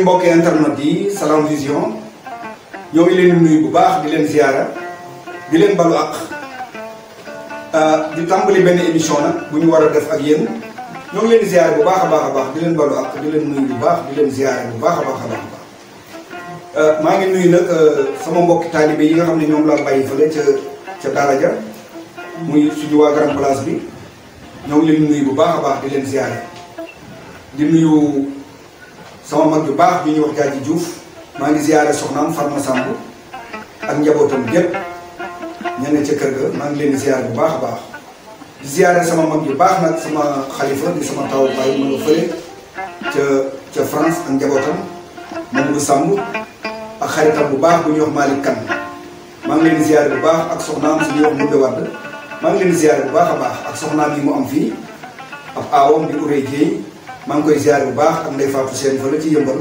suñu mbokki internet yi Salam Vision ñoo ngi leen di nuyu bu baax di leen ziara di leen balu ak euh, di tàmbali benn émission na bu ñu war a def ak yéen ñoo ngi leen di bu baax a baax a baax di leen balu ak di leen nuyu bu baax di leen ziara bu baax a baax euh, maa ngi nuyu nag euh, sama mbokki taalibe yi nga xam ne ñoom laa bàyyi fële ca ca daara ja muy suñu waa grand place bi ñoo ngi leen nuyu bu baax a baax di leen ziara di nuyu. sama mag yu baax ñu ñuy wax jaaji Diouf maa ngi ziyaare soxnaam Fatma Samb ak njabootam gépp ñenn ca kër ga maa ngi leen di ziyaare bu baax a baax di ziyaare sama mag yu baax nag sama xalifa di sama taw baay ma nga fële ca ca France ak njabootam Mamadou Samb ak xaritam bu baax bu ñuy wax Malick Kane maa ngi leen di ziyaare bu baax ak soxnaan su ñuy wax Moundé Wade bu baax a baax ak soxnaam mu am fii ab aawam bi Urey Dieye maa ngi koy ziar bu baax am ndey Fatou seen fa la ci yëmbal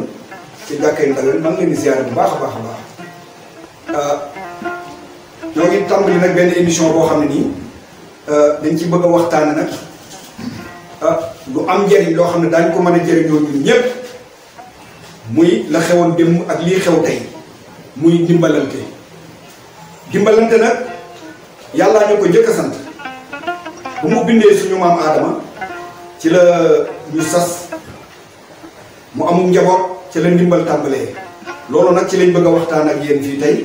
ci jàkkay Ndaween maa ngi leen di bu baax a baax a baax. Ah, ñoo ngi tàmbali nag benn émission boo xam ne nii ah, dañ ci bëgg a waxtaane nag ah, lu am njëriñ loo xam ne daañ ko mën a jëriñoo ñun ñëpp muy la xewoon démb ak lii xew tey muy dimbalante dimbalante nag yàlla ñu ko njëkk a sant bu mu bindee suñu maam Aadama ci la ñu sas mu amum njaboot ci la ndimbal tàmbalee loolu nag ci lañ bëgg a waxtaan ak yéen fii tey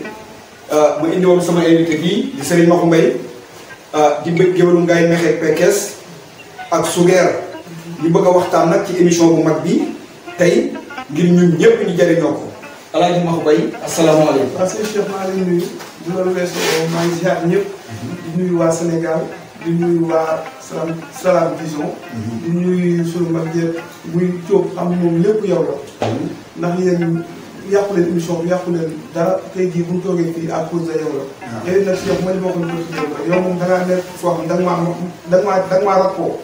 ah, ma indi woon sama invité fii di Serigne Maxu Mbaye ah, di bëgg géwélu Ngaye Mékhé Pekes ak Sugeer ñu bëgg a waxtaan nag ci émission bu mag bi tey ngir ñu ñëpp ñu jariñoo ko Alaaji Maxu Mbaye asalaamaaleykum. waaw sëñ Cheikh maa ngi maa ngi ziar ñëpp mhm. di nuyu waa Sénégal. di nuyu waa Salam Salam Vision. di nuyu sunu mag yëpp muy Diop am moom lépp yow la. ndax yéen yàqu leen émission bi yàqu leen dara tey jii bu ñu toogee fii à de yow la. a da ngaa da nga maa da da nga maa rakkoo.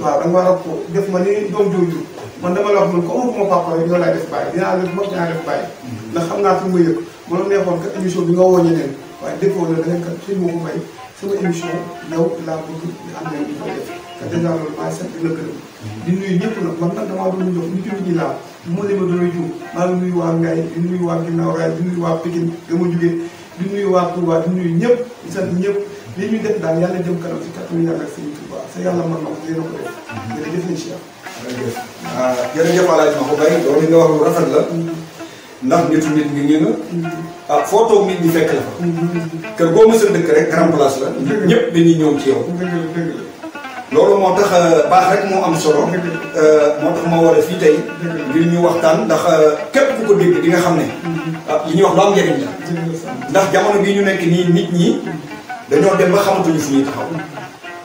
da nga def ma ni doom jooju. man dama la wax man comme ma papa rek yow laay def bàyyi dinaa def mag dinaa def bàyyi. Hmm. ndax xam naa fi mu yëg ma la neexoon kat émission bi nga woo ñeneen waaye déggoo la da nga suñ ma may. sama émission yow laa bëgg ñu am leen di ko def te dèjà loolu la gërëm ñëpp nag man nag damaa doon jox ñu jot laa mu ma doon jiw maa ngi nuyu waa Ngaye di nuyu waa Ginnaaw Rail di ma jugee di nuyu waa Touba di li ñu def daal yàlla jëm kanam si kàttanu yàlla sa yàlla mën na ko yéen a ko def mm-hmm. jërëjëf incha si jërëjëf ah, jërëjëf alaaj ma ko bay loolu nga wax rafet la mm-hmm. ndax nitu nit ñi ñu ne ah foo toog nit ñi fekk la fa. kër goo mës dëkk rek grand place la. ñëpp dañuy ñëw ci yow. loolu moo tax euh, baax rek moo am solo. Euh, moo tax ma war fii tey. ngir ñu waxtaan ndax euh, képp ku ko dégg di nga xam ne. Mm-hmm. Ah, li ñuy wax loo am njëriñ la. ndax jamono bii ñu nekk nii nit ñi dañoo dem ba xamatuñu fu ñuy taxaw.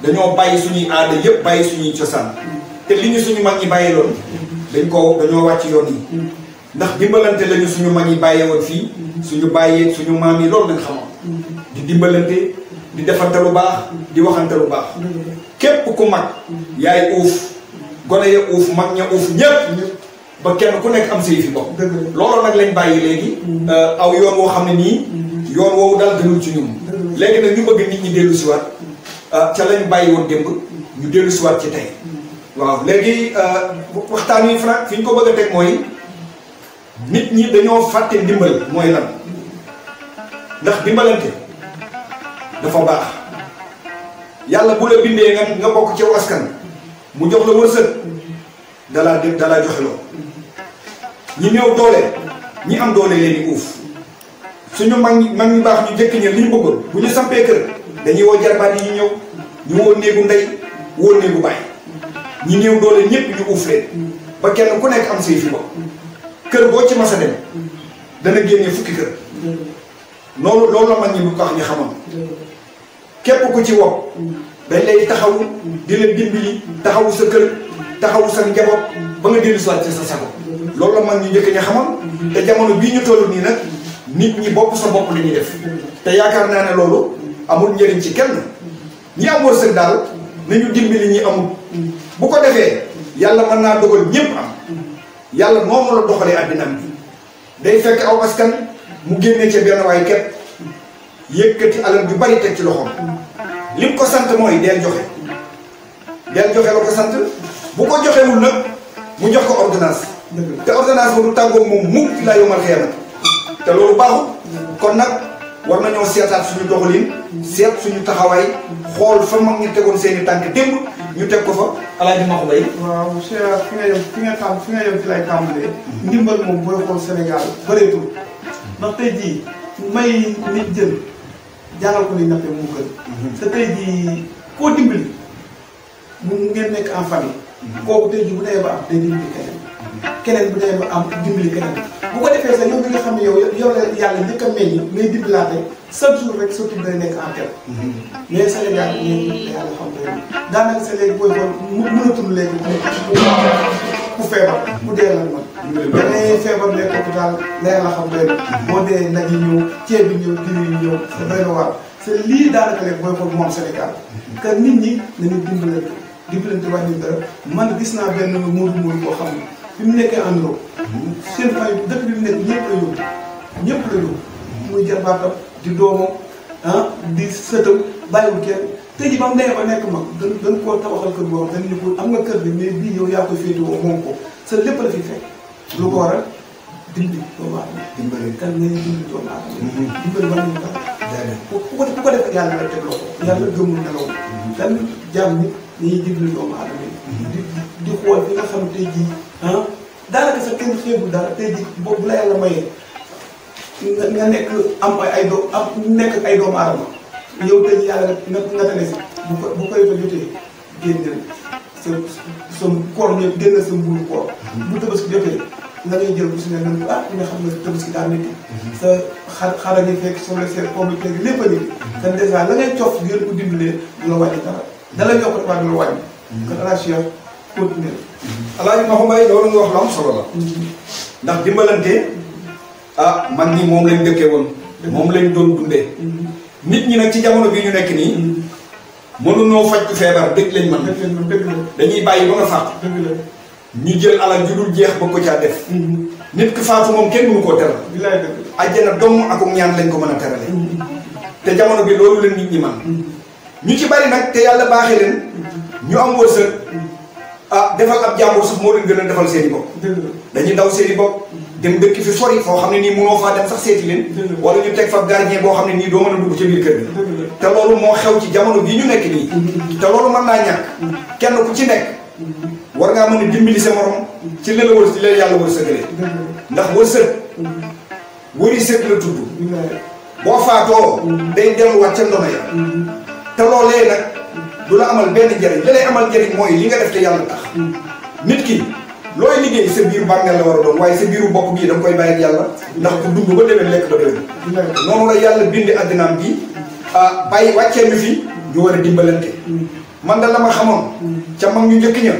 dañoo bàyyi suñuy aada yëpp bàyyi suñuy cosaan. Mm-hmm. te li ñu suñu mag ñi bàyyi loon mm-hmm. dañ ko dañoo wàcc yoon yi. ndax dimbalante lañu suñu mag yi bàyyee fii suñu bàyyee suñu maam yi loolu lañ xamoon di dimbalante di defante lu baax di waxante lu baax képp ku mag yaay uuf gone ya uuf mag ña uuf ñépp ba kenn ku nekk am sa yëfi bopp loolu nag lañ bàyyi léegi mm-hmm. euh, aw yoon woo xam ne nii mm-hmm. yoon woowu daal gënul ci ñun léegi nag ñu bëgg nit ñi dellu siwaat mm-hmm. euh, ca lañ bàyyi woon démb ñu dellu siwaat ci tey waaw léegi euh, waxtaan wi Franck fi ñu ko bëgg a teg mooy nit ñi dañoo fàtte dimbal mooy lan ndax dimbalante dafa baax yàlla bu la bindee nga nga bokk ci askan mu jox la wërsëg dalaa def dalaa joxe loo ñi néew doole ñi am doole leen di uuf suñu mag ñi mag ñi baax ñu jëkk ña li ñu bëggoon bu ñu sampee kër dañuy woo jarbaat yi ñu ñëw ñu woo néegu ndey woo néegu baay ñi néew doole ñëpp ñu uuf leen ba kenn ku nekk am say fi bopp kër boo ci mas a dem mm-hmm. dana génne fukki kër mm-hmm. loolu loolu la mag ñi bu ko wax mm-hmm. képp ku ci wopp dañ lay taxawu di la dimbali taxawu sa kër taxawu sa njaboot ba nga dellu soit ci sa sago loolu la mag ñi njëkk ña xamoon te jamono bii ñu toll nii nag nit ñi bopp sa bopp la def te yaakaar naa ne loolu amul njëriñ ci kenn ñi am wërsëg daal nañu dimbali ñi amul bu ko defee yàlla mën naa dogal ñëpp am yàlla moom la doxalee àddinaam bi day fekk aw askan mu génnee ca benn waay képp yëkkati alal ju bari teg ci loxoom lim ko sant mooy deel joxe deel joxe la ko sant bu ko joxewul nag mu jox ko ordonnance te ordonnance ba du tàggoo moom mukk laa yomal xeer te loolu baaxul kon nag war nañoo seetaat suñu doxalin seet suñu taxawaay xool fa mag ñu tegoon seen i tànk démb ñu teg ko fa alaaji Maxu Bay waaw monsieur fi nga yem fi nga tàmm fi nga yem fi lay tàmbalee ndimbal moom booy xool Sénégal bëreetul ndax tey jii may nit jël jàngal ko ni nappee mu gën mhm. te tey jii koo dimbali mu ngeen nekk en famille mhm. kooku tey jii bu dee ba am dimbali keneen keneen bu dee ba am dimbali keneen bu ko defee sax yow mi nga xam ne yow yow la yàlla njëkk a meññ ngay dimbalante chaque jour rek surtout day nekk en tête. mais Sénégal ñun yàlla xam nga yow daanaka sa léegi booy xool mu mënatul léegi ku feebar ku dee la ma. dangay feebar nekk hôpital la yàlla xam nga boo dee nit ñi nañu dimbalante dimbalante wàññi dara man gis naa benn muur muur boo xam ne. bi mu nekkee en Europe seen fay dëkk bi nekk ñëpp la yóbbu ñëpp la yóbbu muy jarbaatam di doomam ah di sëtam bàyyiwul kenn tey jii ba mu demee ba nekk mag dañ koo tabaxal kër boobu dañ ñu ko am nga kër bi mais bii yow yaa ko féetewoo moom ko sa lépp la fi fekk lu ko waral dimbali doomu aadama mhm. mhm. mhm. dimbali doomu aadama yi di di xool fi nga xam tey jii ah daanaka sax kenn xeebul dara tey jii boobu la yàlla mayee nga nekk am ay ay doo am nekk ay doomu aadama yow tey yàlla nga nga tane si bu ko bu koy fa jotee génneel sa sa koor jël bu si ne nan ah nga xam sa xar xara ni fekk soo leen seet pomme lépp lépp a ngi. te dèjà la ngay cof ngeen ko la wàññi dara. da la yokk wàññi. Mm-hmm. kon ala alaaji ma xumbay loolu nga wax lu am solo la ndax dimbalante ah man ñi moom lañ dëkkee woon moom lañ doon dundee nit ñi nag ci jamono bi ñu nekk nii mënuñoo faj ku feebar dëgg lañ man dañuy bàyyi ba nga faatu ñu jël alal ju dul jeex ba ko caa def nit ku faatu moom kenn mënu koo teral ajjana doomu akum ñaan lañ ko mën a terale te jamono bi loolu leen nit ñi man ñu ci bari nag te yàlla baaxe leen ñu am wërsëg ah defal ab jàmbur sax moo leen gën a defal seen i bopp dañuy daw seen i bopp dem dëkk fi sori foo xam ne nii mënoo faa dem sax seeti leen wala ñu teg fa gardien boo xam ne nii doo mën a dugg ci biir kër bi te loolu moo xew ci jamono bii ñu nekk nii te loolu man naa ñàkk kenn ku ci nekk war ngaa mën ne dimbali sa morom ci la la wër ci la yàlla wërsëgalee ndax wërsëg wëri sëg la boo faatoo day delluwaat ca ndono ya te loolee nag du la amal benn njariñ li lay amal njariñ mooy li nga def te yàlla tax nit ki looy liggéey sa biir bàmmeel la war a doon waaye sa biiru bopp bii da koy bàyyi yàlla ndax bu dund ba demee lekk ba déwén noonu la yàlla bindi addinaam bi ah bàyyi wàccee mi fi ñu war man da la ma xamoon ca mag ñu njëkk ña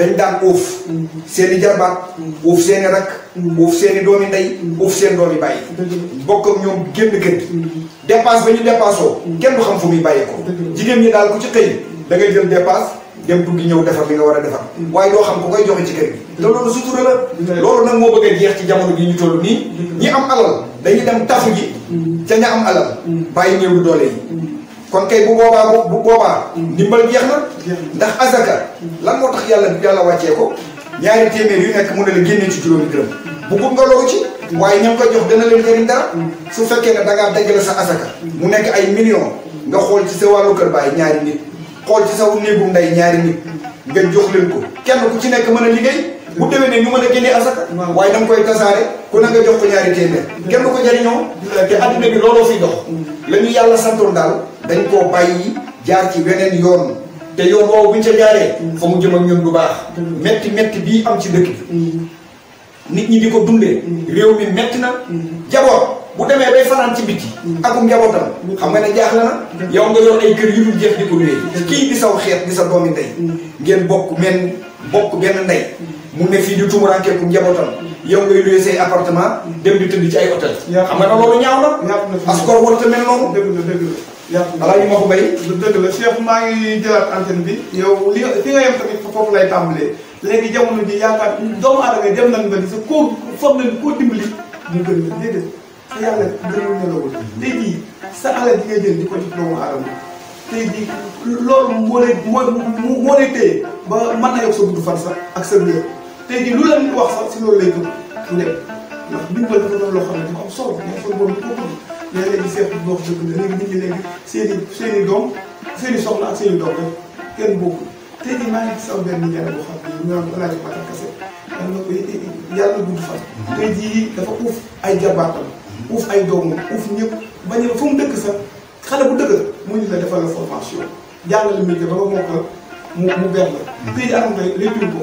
dañ daan uuf mm. seen i jarbaat mm. uuf seen i rakk mm. uuf seen i doomi ndey uuf seen doomi bàyyi bokk ak ñoom génn kër dépense ba ñu dépensoo kenn du xam fu muy bàyyi ko jigéen ñi daal ku ci xëy da ngay jël dépense dem duggi ñëw defar li nga war a defar waaye doo xam ku koy joxe ci kër gi te loolu sutura la loolu nag moo bëgg a ci jamono bi ñu toll nii ñi am alal dañu dem tafu ji ca ña am alal bàyyi néew doole yi kon kay bu boobaa bu bu boobaa. ndimbal jeex na. ndax azaka lan moo tax yàlla yàlla wàccee ko. ñaari téeméer yu nekk mun ne la génne ci juróomi dërëm. bëggul nga loolu ci. waaye ñoom ngi koy jox dana leen jëriñ dara. su fekkee ne da ngaa dajale sa asaka. mu nekk ay millions. nga xool ci sa wàllu kër baay ñaari nit. xool ci sa néegum ndey ñaari nit. nga jox leen ko kenn ku ci nekk mën a liggéey. bu déwénee ñu mën a génnee asaka waaye danga koy tasaare ku na nga jox ko ñaari téeméer kenn ko jariñoo te adduna bi looloo fiy dox mm. la ñu yàlla santoon daal dañ koo bàyyi jaar ci weneen yoon te yoon woowu buñ sa jaaree mm. fa mu jëm ak ñun bu baax mm. metti metti bii am ci dëkk bi nit ñi di ko dundee réew mi metti na jaboot bu demee bay fanaan ci biti akum njabootam xam nga ne jaaxle na yow nga yor ay kër yu dul jeex di ko nuyee kii di saw xeet di sa doomi ndey ngeen bokk men bokk benn ndey mu ne fii di tuumuraanke bu njabootam yow ngay loué say appartement dem di tëdd ci ay hôtel xam nga loolu ñaaw na askor warut a mel noonu dëgg la dëgg la voilà maa ngi jëlaat antenne bi yow li fi nga yem tamit foofu lay tàmbalee léegi jamono ji yaakaar doomu aadama yi dem nañ ba sa koo foog nañ koo dimbali ñu gën la déedéet sa yàlla gënul nelawul tey jii sa alal di ngay jël di ko jox doomu aadama tey jii loolu moo lay moo moo lay téye ba mën na yokk sa gudd fan ak sa tey jii lu la nit wax sax si loolu lay gëm mu nekk ndax dimbali loo xam ne dafa am solo moom suñu ko ko dëgg la léegi nit ñi léegi seen i seen i doom seen i soxna ak seen i doom rek kenn bokkul tey jii maa ngi gis sama benn njëriñ boo xam ne ñu naan a Matar Kassé daan na ko eh, eh, yàlla gudd fan. Mhm. tey jii dafa uuf ay jabaatam mhm. uuf ay doomam uuf ñëpp bañ a fu mu dëkk sax xale bu dëkk mu ñu la defal la formation jàngale métier ba nga mokkal mu mu la. Mhm. tey jii anam lay lay ko.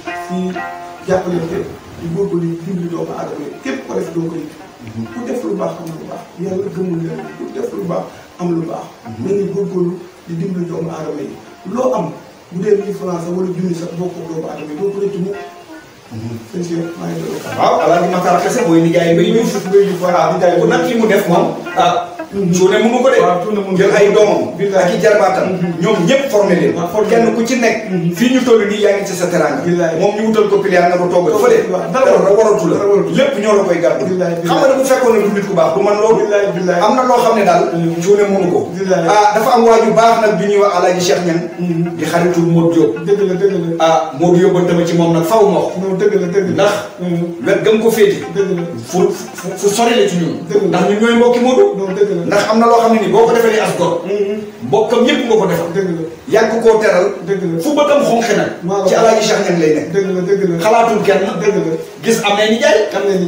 si jàppalante di góorgóorlu di dimbali doomu aadama yi képp ko def doo ko yëg. Mhm. ku def lu baax am lu baax yàlla gëmul leen ku def lu baax am lu baax. Mhm. na ngay góorgóorlu di dimbali doomu aadama yi loo am bu dee mille francs wala junni sax bokk ak doomu aadama yi doo ko rëcc mukk. Mhm. sëñ si maa ngi doon. waaw alhamdulilah Matar Kase mooy nijaay mbay mi. nag ki mu def moom ah, cuune mënu ko de ay doomam ak i jarbaatam ñoom ñëpp formé leen kenn ku ci nekk mhm. fii ñu toll nii yaa ngi ci sa teranga moom ñu wutal ko pilier na ko toogal fële lépp ñoo la ko ah, dafa am waaju baax nag bi ñuy wax Alaaji Cheikh Ñang mhm. di xaritul Modou Diop ah Modou Diop dama ci moom nag faw ma wax ndax mhm. wet gëm ko féete fu fu sori la ci ñun ndax am na loo xam ne nii boo ko defee as gor mm-hmm. mbokkam yëpp nga ko defal yàgg koo teral fu bëggam xonqi nag ci alaaji Cheikh Niang lay nekk xalaatul kenn gis am nay nijaay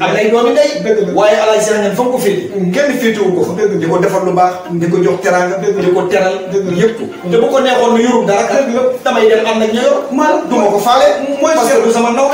am nay doomi ndey waaye alaaji Cheikh Niang fa nga ko féete mm-hmm. kenn lu baax di ko jox teraanga di ko teral yëpp mm-hmm. te bu ko neexoon nu yorum dara damay dem am nag ña yor mal du ma ko faale parce que du sama naw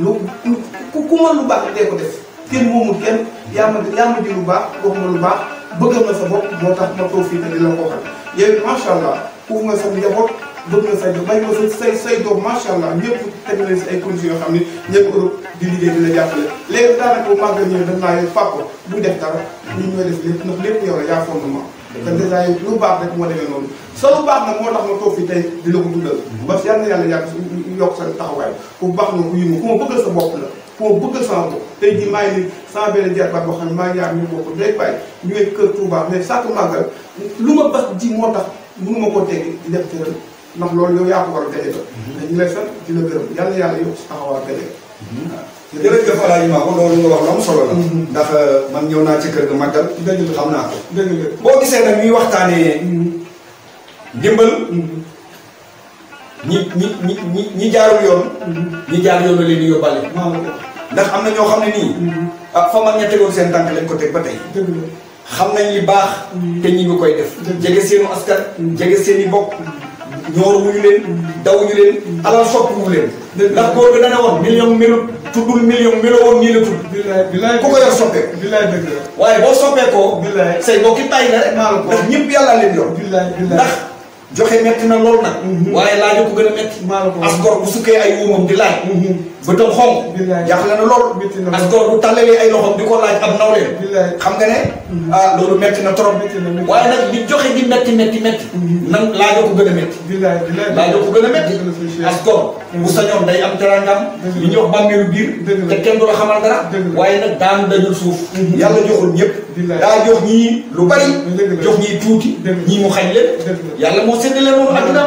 lu ku ku mën lu baax dee ko def kenn moomul kenn yaa ma yaa ma lu baax wax ma lu baax bëggal ma sa bopp moo tax ma toog fii te di la ko waxal yow it macha allah uuf nga sa njaboot say may nga sa say say doom macha allah si ay conditions yoo xam ni ñëpp Europe di liggéey di la jàppale léegi daanaka bu màggal ñëw dañ naa yow fàkko buy def dara ñun ñooy def lépp ndax lépp yow la yaa fondement te dèjà yow lu baax rek moo demee noonu sa lu baax nag moo tax ma toog fi tey di la ko dundal ba yal na yàlla yàgg yokk sa taxawaay ku baax na ku sa bopp la ku ma bëggal sama jii maa ngi ni sama benn jarbaat boo xam ne maa ngi yaar ñu bokk day bàyyi ñu ngi kër Touba mais chaque màggal lu ma bas ji moo tax mënu ma koo teggi di def tëral ndax loolu yow yaa ko war a daje la ñu lay sant di la gërëm yal yàlla yokk sa taxawaay daje mhm. waaw jërëjëf Alaaji Maako loolu nga wax lu am solo la. Mm-hmm. ndax euh, man ñëw naa ci kër ga màggal. dëgg xam naa ko. boo gisee nag ñuy waxtaanee mm-hmm. ndimbal. Mm-hmm. ñi ñi ñi ñi ñi jaarul yoon. ñi jaar yoon leen yóbbaale. ndax am na ñoo xam ne nii. ah fa mag ña tegoon seen tànk lañ ko teg ba tey. dëgg xam nañ li baax. te ñi ngi koy def. jege seenu askan. jege seen i mbokk. ñooru wuñu leen dawuñu leen alal soppiwu leen ndax góor bi dane woon million melu tuddul million melo woon nii la ku ko yor soppeeku bilaay dëgg la waaye boo soppeekoo bilaay say mbokki tay la rek ndax ñëpp yàlla leen yor ndax joxe metti na loolu nag. Mhm. waaye laaj ko gën a metti. as gor bu sukkee ay uumam di laaj. bëtam mhm. xonq. billaay na loolu. métti na loolu as gor bu tàllalee ay loxoom di ko laaj ab nawleen. xam nga ne. Mhm. ah loolu metti na trop. waaye nag di joxe di metti metti metti. nan laajoo ko gën a metti. billaay billaay laajoo ko gën a metti. as gor bu sañoon day am teraangam. li ñuy wax bàmmeelu biir. te kenn du la xamal dara. waaye nag daan dañul suuf. yàlla joxul ñëpp. daa jox ñii lu bari jox ñii tuuti ñii mu xañ leen yàlla moo séddale noonu adduna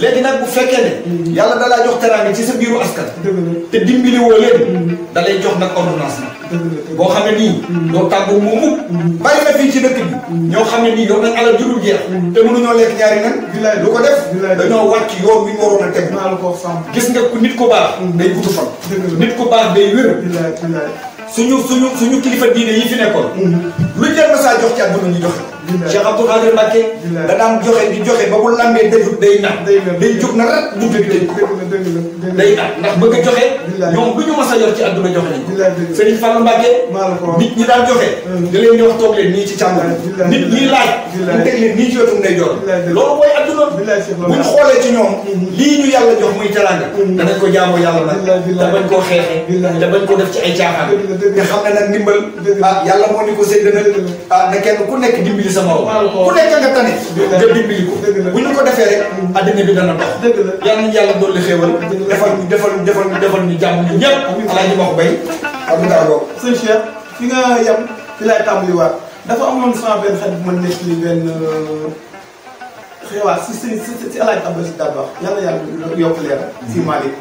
léegi nag bu fekkee ne mm-hmm. yàlla dalaa jox teraanga ci sa biiru askan te dimbali woo leen mm-hmm. da lay jox nag ordonnance nag boo xam ne nii mm-hmm. doo tàggoo moo mukk bari na fii ci dëkk bi ñoo xam ne nii yow nag alal jurul jeex te mënuñoo lekk ñaari nag lu ko def dañoo wàcc yoon wi ñu waroon a teg gis nga ku nit ko baax day gutu fan nit ko baax day wér suñu suñu suñu kilifa diine yi fi nekkoon. Mm-hmm. luñ leen mës a jox ci àdduna ñu joxe. Cheikh Abdou Khadir Mbacké danaam joxe di joxe ba bu lambee dëjut day nax day jug na rat buntu bi day nax ndax bëgg a joxe ñoom lu ñu mas ci àdduna joxe nañ Serigne Fallou Mbacké nit ñi daan joxe da leen di wax toog leen nii ci càmm nit ñi laaj ñu teg leen nii ci wetum day jor loolu mooy àdduna buñ xoolee ci ñoom lii ñu yàlla jox muy danañ ko jaamoo yàlla nag te bañ koo xeexe te ko def ci ay caaxaan te xam ne nag ndimbal ah yàlla moo ni ko séddana ah na kenn ku nekk dimbali sa morom ku nekk nga tane nga dimbali ko bu ñu ko defee rek addina bi dana dox yal nañu yàlla dolli xéewal defal ñu defal ñu defal ñu defal ñu jàmm ñu ñëpp alaa ñu wax bay am ngaa bokk sëñ Cheikh fi nga yem fi laay tàmbaliwaat dafa amoon sama benn xarit bu ma nekk li benn euh, xewaat si si si si alaaj abasi dabaax yàlla yàlla yokk leer si Malick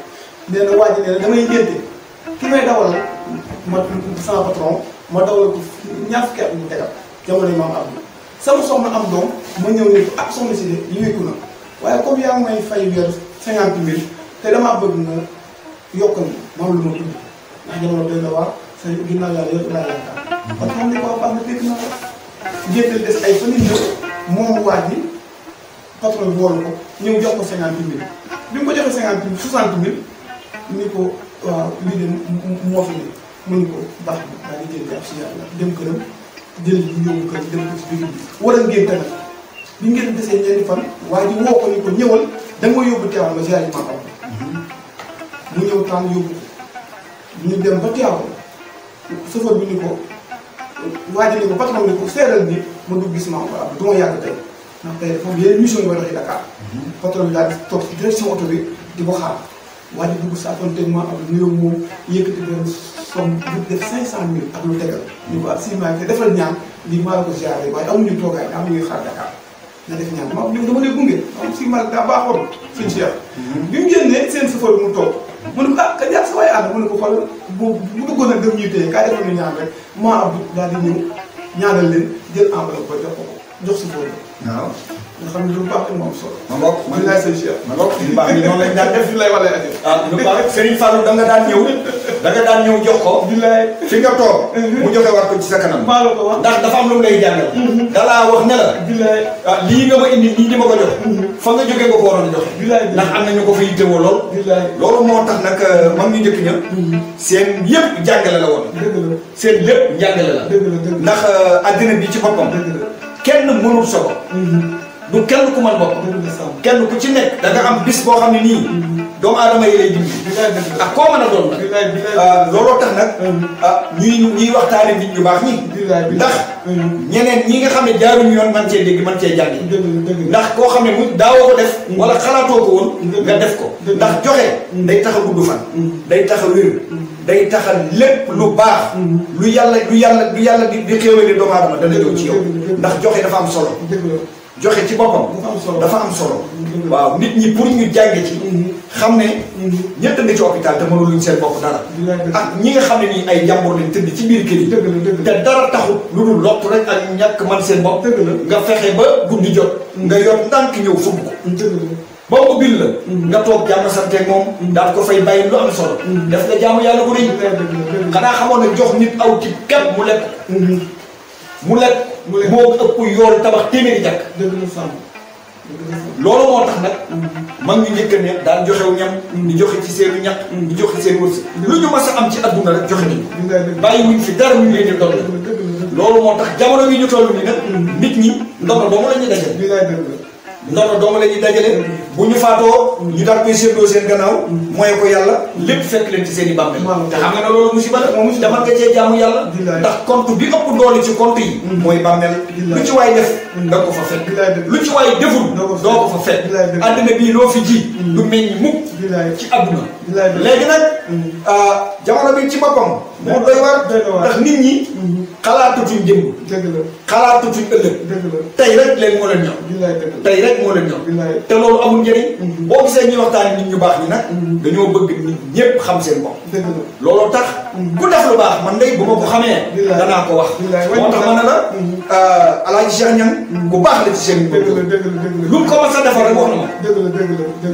nee na waa ji nee na damay ngénte ki may dawal ma sama patron ma dawal ko ñaar fukki at mu tegal jamono yi maam Abdou sama soxna am doom ma ñëw ne ko ak ah, soxna si de yéeku na waaye comme yaa may fay weer cinquante mille te damaa bëgg nga yokkal ma lu ma tudd ndax jamono na laa ko baax na dégg na ko ay fan ñëw moom waa ji patron bi woolu ko ñëw jox ko cinquante mille bi mu ko joxee cinquante mille soixante ko waaw lii de moo fi ne mu ni ko baax na daal di jël jàpp si yàlla dem këram jël ñu yóbbu kër dem ko ci biir wala ngeen tamit bi ngeen desee ñeenti fan waaye ji woo ko ni ko ñëwal da yóbbu teewal ma ziare maam mu ñëw tànn yóbbu ko ñu dem ba teewal chauffeur bi ni ko waa ji ni ko patron ni ko seeral ni ma dugg gis maam du ma yàgg tey ndax tey dafa am mission yu ma doxee mhm. patron bi daal di toog direction oto bi di ko xaar waa ji dugg saafonteeg moom ak nuyoo moom yëkkati benn somme bu def cinq cent mille ak lu tegal ñu ko ak ah, si maa ngi defal ñaan lii maa la ko ziare waaye amuñu toogaay daa amuñu na si mal daa baaxoon suñu Cheikh mhm. bi mu génnee seen sofër mu toog mu ne ko ah ka jaar sa waay ànd mu ne ko xool bu bu bëggoon a dem ñuy téye kaay defal ñu ñaan rek maa abdu daal di ñëw ñaanal leen jël enveloppe ba jox ko jox sofër bi waaw. nga xam ne lu baax moom solo. ma bokk ah, da nga daan ñëw da nga ko. billaay fi nga toog. Mhm. mu joxe war ci sa kanam. maa la ko wax ndax dafa am lu mu lay jàngal. Mhm. dalaa wax ne ah, lii nga ma indi nii di ma ko jox. Mhm. fa nga jógee nga ko waroon jox. billaay ndax am na ñu ko fa yittewoo lool. billaay loolu moo tax nag euh, mag ñu njëkk ña. seen yëpp jàngale la woon. dëgg la seen lépp jàngale la. dëgg ndax euh, addina bi ci boppam. kenn mënul sa bopp mm-hmm. du kenn ku mën bopp kenn ku ci nekk da nga am bis boo xam ne nii doomu aadama yi lay dimbali ak koo mën a doon nag ah, looloo tax nag ah ñuy ñuy waxtaane nit ñu baax ñi ndax ñeneen ñi nga xam ne jaaruñu yoon man cee dégg man cee jàngi ndax koo xam ne mu daawoo def mm. wala xalaatoo ko woon nga def ko ndax joxe mm. day tax a gudd fan mm. day tax a wér day taxal lépp lu baax lu yàlla lu yàlla lu yàlla di xéewale doomu aadama dana ñëw ci yow ndax joxe dafa am solo joxe ci boppam. dafa am solo waaw nit ñi pour ñu jàng ci. xam ne. ñett nga ci hôpital te mënul luñ seen bopp dara. ak ñi nga xam ne nii ay njàmbur lañ tëdd ci biir kër yi. te dara taxut lu dul lopp rek ak ñàkk man seen bopp. nga fexe ba guddi jot. nga yor ndànk ñëw fukk ko. ba mu ubbil la. nga toog jàmm santeeg moom. Mm. daal ko fay bàyyi lu am solo. Mm. def nga jaamu yàlla bu rëy. xanaa xamoon ne jox nit aw ci képp mu lekk. Mm-hmm. mu lekk moo ëpp yoon tabax téeméeri jàkk loolu moo tax nag mm-hmm. mag ñu njëkk ne daan joxew ñam mm-hmm. di joxe ci seenu ñaq mm-hmm. di joxe ci seen wërsëg lu ñu mas a am ci adduna rek joxe nañu bàyyi wuñ fi dara ñu leen di doon loolu moo tax jamono yi ñu toll nii nag nit ñi ndox ba mu la ñu daje ndono dong la ñuy dajale bu ñu faatoo ñu daal koy séddoo seen gannaaw mooy ko yàlla lépp fekk leen ci seen i bàmmeel te xam nga ne loolu musiba la dafa nga cee jaamu yàlla ndax compte bi ëpp doole ci compte yi mm. mooy bàmmeel lu ci waay def mm. da ko fa fekk lu ci waay deful doo ko fa fekk àddina bii loo fi ji mm. du meññ mukk ci àdduna léegi nag ah, jamono bi ci boppam moo doy war ndax nit ñi mm-hmm. xalaatutuñ jëm. dëgg la xalaatutuñ ëllëg. dëgg la tey rek leen moo leen ñor. billaay dëgg la tey rek moo leen ñor. billaay te loolu amul njëriñ. Mhm. boo gisee ñuy waxtaanee nit ñu baax ñi nag. Mhm. dañoo bëgg nit ñëpp xam seen bopp. dëgg la looloo tax. ku def lu baax man day bu ma ko xamee. danaa ko wax. moo tax ma ne la. Euh, alaaji Cheikh Niang bu baax la ci seen. mu ko a defal lu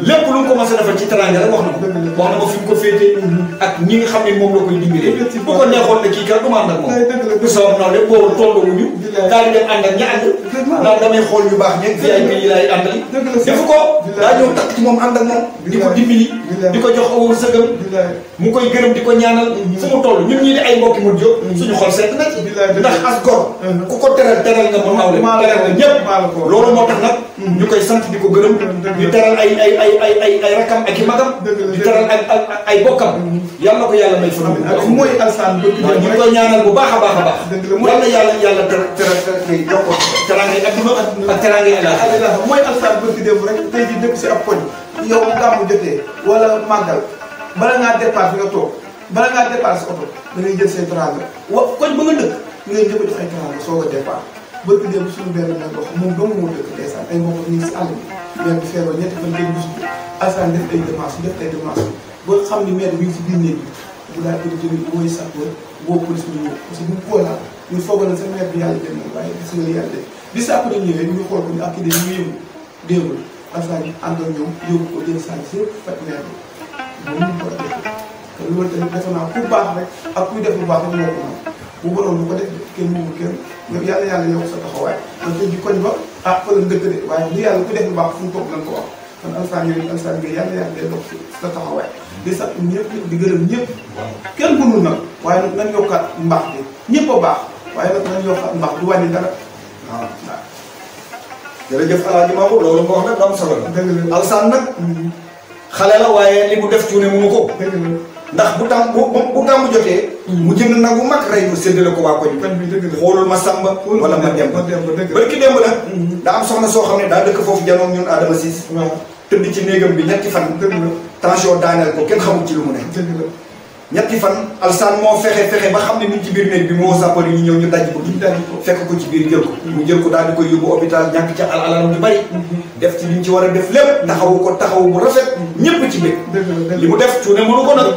mu ko mas a defal ci teraanga rek wax na ma. dëgg la wax na mhm. nga xam ne moom la bu ko neexoon ne kii kat du ma ànd moom. dëgg la bu sabab noonu rek boobu tolluwuñu. daal di ña ànd. ndax damay xool ñu baax ñeeg VIP yi laay àndali. defu ko daa ñëw takk ci moom ànd ak moom. di ko dimbali di ko jox wërsëgam mu koy gërëm di ko ñaanal mhm. fu mu toll ñun ñii di ay mbokki mu jóg suñu xol seet na ci ndax as gor ku ko teral teral nga ba maaw la teral nga ñëpp a baax a baax yàlla yàlla yàlla si nga toog bala ngaa départ sa oto da jël say teraanga wa koñ ba nga dëkk ngay njëkk a jox ay teraanga soo ko départ bër bi suñu benn nag wax moom dong moo si àll bi weer bi feebar ñetti fan ba xam ni maire mi ngi si biir néeg bi bu daal di jëmi wooy sapeur woo police ñu ñëw parce que bu koolaa sa maire bi yàlla dem na waaye gis nga li yàlla def bi sappo di ñëwee ñu xool ko ñu ak ki de ñu déewul alsaan àndoon ñoom yóbbu ko jël saa yëpp faj maire bi moom ñu ko te loolu tamit defe naa ku baax rek ak kuy def lu baax rek moo ko mën bu borom lu ko def kenn mënul kenn yow yàlla yàlla yokk sa taxawaay man tey ji koñ ba ah de waaye du yàlla ku def ko wax kon alsaan yooyu alsaan nga yàlla yàlla sa taxawaay di sant ñëpp di gërëm ñëpp kenn mënul nag waaye nag nañ yokkaat mbaax bi ñëpp a baax waaye nag nañ yokkaat mbaax du wàññi dara waaw a jërëjëf alaaji Maodo loolu nga wax nag am solo la alsaan nag mm-hmm. xale la waaye li mu def cuune mënu ko ndax bu tam bu bu gàmmu jotee. Hmm. mu jënd nag bu mag rey mu séddale ko waa koñ. xoolul ma sàmba wala ma dem ba barki démb nag hmm. daa am soxna soo xam ne daa dëkk foofu janoom ñun Adama Siis tëdd ci néegam bi ñetti fan. tension daaneel ko kenn xamul ci lu mu ne. ñetti fan alsaan moo fexe fexe ba xam ne nit ci biir néeg bi moo sapeur yi ñu ñëw ñu daj ko ñu daj ko fekk ko ci biir jël ko mu jël ko daal di koy yóbbu hôpital ñàkk ci alalam ju bari def ci li ñu ci war a def lépp taxawu ko taxawu bu rafet ñëpp ci bég li mu def cuune mënu ko nag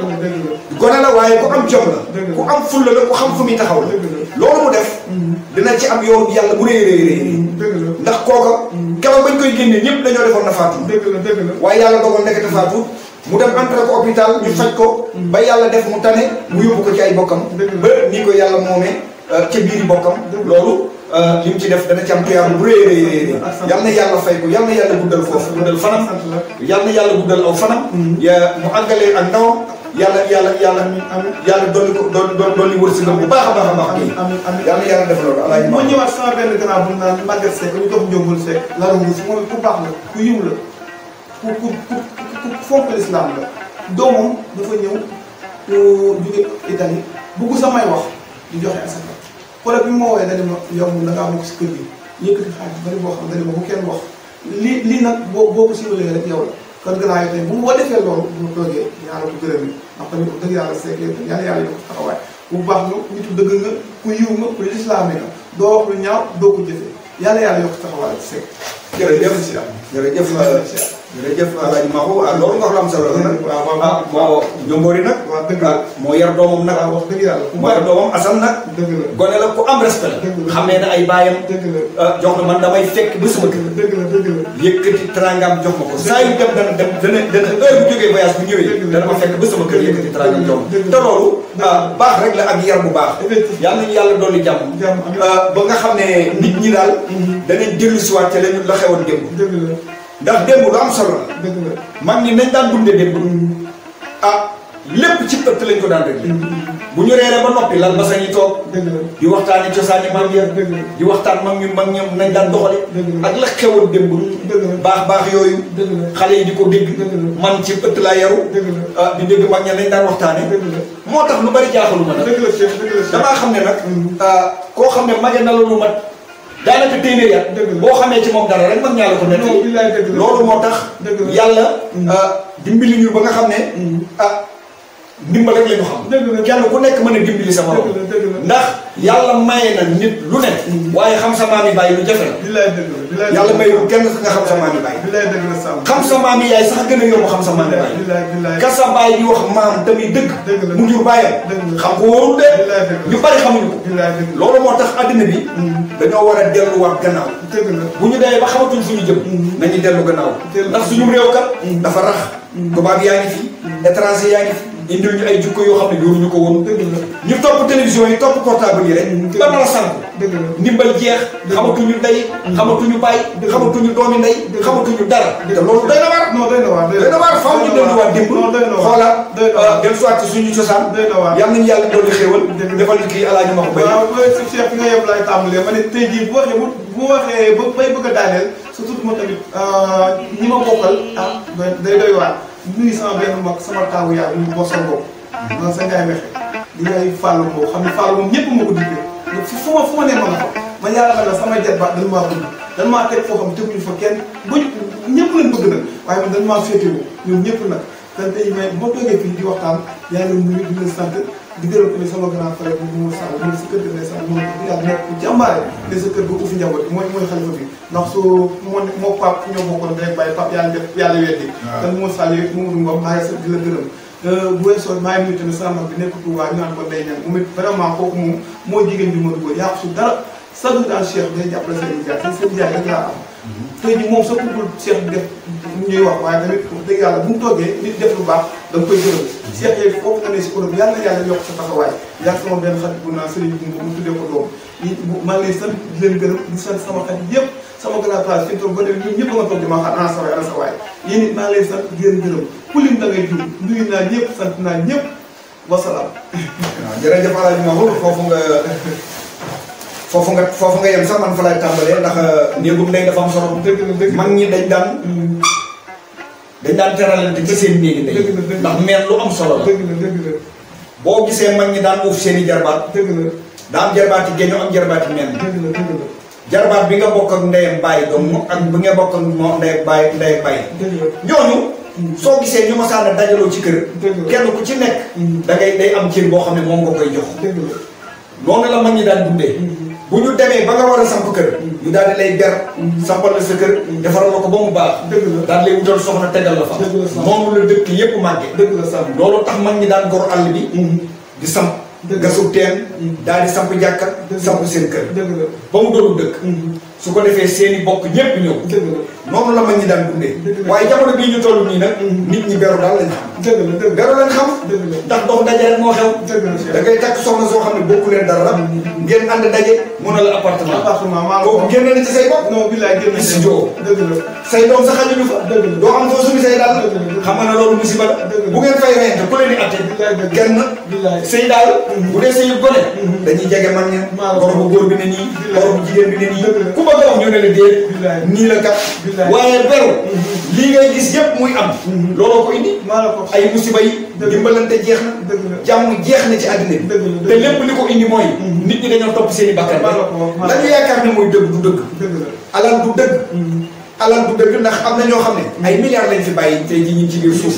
gone la waaye ku am jom la ku am fulla la ku xam fu muy taxaw la loolu mu def mm-hmm. dina ci am yow bi yàlla bu réy réy réy ndax kooka mm-hmm. keroog bañ koy génnee ñëpp dañoo defoon na faatu waaye yàlla dogal nekk te faatu mu dem entré ko hôpital ñu faj ko. ba yàlla def mu tane mu yóbbu ko ci ay bokkam. ba ni ko yàlla moomee euh, ca biiri bokkam. loolu euh, li mu ci def dana ci am tuyaab bu rëy rëy rëy. yal ah, na yàlla fay ko yal na yàlla guddal ah, yàlla guddal aw fanam. Mm. mu àggalee ak ndawam. yàlla yàlla yàlla yàlla dolli ko dolli dolli wërsëgam bu baax a baax a baax. amiin amiin yàlla def loolu alaaykum. ma ñëwaat sama benn grand bu naan Maguette Seck ñu jox Ndiombol Seck. la ruus moom ku baax la ku yiw la. ku ku ku fonk lislaam la doomam dafa ñëw euh, jóge Italie bugg samay wax di joxe asaka wala bi ma woowee dani ma yow moom si kër gi yëkkati xaalis bari boo xam dani bu kenn wax lii lii nag boo boo ko siiwalee rek yow la kon gannaaw yi tamit bu mu defee loolu bu ma toogee yàlla ko gërëm yi ndax yàlla seeg yàlla yàlla yokk taxawaay bu baax nga nitu dëgg nga ku yiw nga ku lislaame nga doo wax lu ñaaw doo ko jëfee yàlla yàlla yokk taxawaay seeg jërëjëf jërëjëf euh, jërëjëf euh, Alaaji Maaxu ah loolu nga wax lu am solo la nag ah waaw ah, Njombori nag ah, moo yar doomam nag ah, wax dëgg yàlla moo yar doomam Assane nag gone la ku am respect la xamee na ay baayam jox na man damay fekk ba sama kër yëkkati trangaam jox ma ko saa yu dem dana dana dana dellu siwaat ca lañu la waxee woon démb. ndax démb lu am solo la. mag ñi nañ daan dunde démb. ah lépp ci ëtt lañ ko daan réglé. bu ñu reeree noppi lan ba sañi toog. di waxtaani cosaani maam ya di waxtaan mag ñu mag ñoom nañ daan doxale ak la xewoon démb. baax baax yooyu. xale yi di ko dégg. man ci ëtt laa yaru. ah di dégg mag ña nañ daan waxtaane moo tax lu ma nag. damaa xam ne nag. koo xam ne mage na la lu mat. daanaka téeméer ya boo xamee ci moom dara rek mag ñaa la ko nekk loolu moo tax yàlla mm. ah, dimbali ñu ba nga xam ne mm. ah ndimbal rek la ñu xam. kenn ku nekk mën a sa morom. ndax yàlla maye na nit lu ne. waaye xam sa maam yi bàyyi lu jafe la. yàlla maye lu kenn nga xam sa maam yi bàyyi. xam sa maam yi yaay sax gën a yomb xam sa maam bàyyi. ka sa baay di wax maam tamit dëgg. mu jur bàyyam. xam ko wóorul de. ñu bari xamuñu loolu moo tax àddina bi. Mm-hmm. dañoo war a delluwaat gannaaw. bu ñu dee ba xamatuñ suñu jëm. Mm-hmm. nañu dellu gannaaw. ndax suñu réew kat. Mm-hmm. dafa rax. tubaab yaa ngi fi indil ñu ay jukko yoo xam ne doonuñu ko woon. dëgg la ñu topp télévision yi topp portable yi rek. dëgg la ba la sànq. dëgg la ndimbal jeex. xamatuñu ndey. xamatuñu baay. xamatuñu doomi ndey. xamatuñu dara. te loolu doy na waar. non doy na waar doy na waar faaw ñu delluwaat démb. non doy na waar xoolaat. doy na waar euh, dem soit suñu cosaan. doy na waar yal nañu yàlla dolli xéewal. defal ñu kii alaaji ma ko béy. waaw loolu si Cheikh nga yem laay tàmbalee ma ne tey jii bu waxee bu waxee bay bëgg a daaneel surtout ma tamit euh, ñi ma bokkal ah day doy waar nuyu sama benn mbokk sama taawu yaay ñu bokk bopp. man sa Ndiaye Mekhe. di yaay Fallou Mbow xam ne Fallou moom ñëpp ma fu ma nee fa man yàlla xam ne sama jet ba dañu maa bëgg dañu maa teg foo xam teguñu fa kenn ba ñëpp lañ bëgg nag waaye man dañu maa féetewoo ñoom ñëpp nag. kon tey may boo toogee fii di waxtaan yaa ngi leen di di gërëm ku ne sama grand frère bu mu sàmm mu sa kër ga ngay sàmm nga nekk jàmbaare ne sa kër ga moo moo pap ñoo bokkoon mu mu mu wax sa di la gërëm euh, bu weesoo maa ngi nuyu tamit sama mag bi nekk Touba ñu naan ko day ñaan moom it vraiment kooku moom moo jigéen bi ma dugal yàqu su dara sa du daal Cheikh day jàppale seen jaay seen jaay rek laa am tey jii moom sa couple Cheikh bi def ñuy wax waaye tamit wax dëgg yàlla bu mu toogee nit def lu baax da nga koy gërëm Cheikh yooyu foofu nga ne si problème yàlla na yàlla yokk sa taxawaay yàgg sama benn xarit bu naa Serigne sama xarit yëpp sama grand place fi mu toog ba dem ñun ñëpp a nga toog di ma xaar ana ah, sa waay ana sa waay yéen it maa ngi lay sant di leen ku lim da ngay jub nuyu naa ñëpp sant naa ñëpp wasalaam waaw jërëjëf alaaji Maodo foofu nga foofu nga foofu nga yem sax man fa lay tàmbalee ndax euh, néegum ndey dafa am solo. dëgg mag ñi dañ daan. dañ daan teralante da seen néegi ndey. ndax meen lu am solo la. boo gisee mag ñi daan uuf seen i jarbaat. dëgg la daa am jarbaat yi génn am jarbaat yi meen. jarbaat bi nga bokk ak ndeyam bàyyi dong ak bi nga bokk ak moom ndeyam bàyyi ndeyam bàyyi. ñooñu. Mm. soo gisee ñu ma masaana dajaloo ci kër. kenn ku ci nekk. Mm. dangay day am cër boo xam ne moom nga koy jox. noonu la mag ñi daan dundee. Mm. bu ñu demee ba nga war a samp kër ñu daal di lay ber sampal la sa kër defaral la ko ba mu baax daal lay wutal soxna tegal la fa moom la dëkk yépp màgge loolu tax mag ñi daan gor àll bi mm-hmm. di samp gasub teen mm-hmm. daal di samp jàkka samp seen kër ba mu doonu dëkk mm-hmm. su ko defee seeni bokk ñépp ñëw noonu la mag ñi daan dundee. waaye jamono bii ñu toll nii nag. nit ñi beru daal lañ xam. dëgg la dëgg beru lañ xam. ndax dox daje moo xew. da takk soxna soo xam ne bokku leen dara la. Mm-hmm. a la appartement. appartement maanaam kooku génne na ci say bopp. non billaay na ci joo. dëgg xam nga ne loolu musiba la. bu ngeen fay reyante ku leen di atte. kenn sëy daal. Mm-hmm. bu dee sëy yu gone. Mm-hmm. dañuy jege mag ña. borom góor bi ne nii. borom jigéen bi ne nii. ku bëgg wax ñu ne la dee nii la kat waaye beru mhm. lii ngay gis yëpp muy am mhm. looloo ko indi ay musiba yi dimbalante jeex na jàmm jeex na ci àddina bi te lépp li ko indi mooy mhm. nit ñi dañoo topp seen i bakkan la ñu yaakaar ne mooy dëgg du dëgg alal du dëgg alal bu dëgg ndax am na ñoo xam ne ay milliards lañ fi bàyyi tey jii ñu ngi ci biir suuf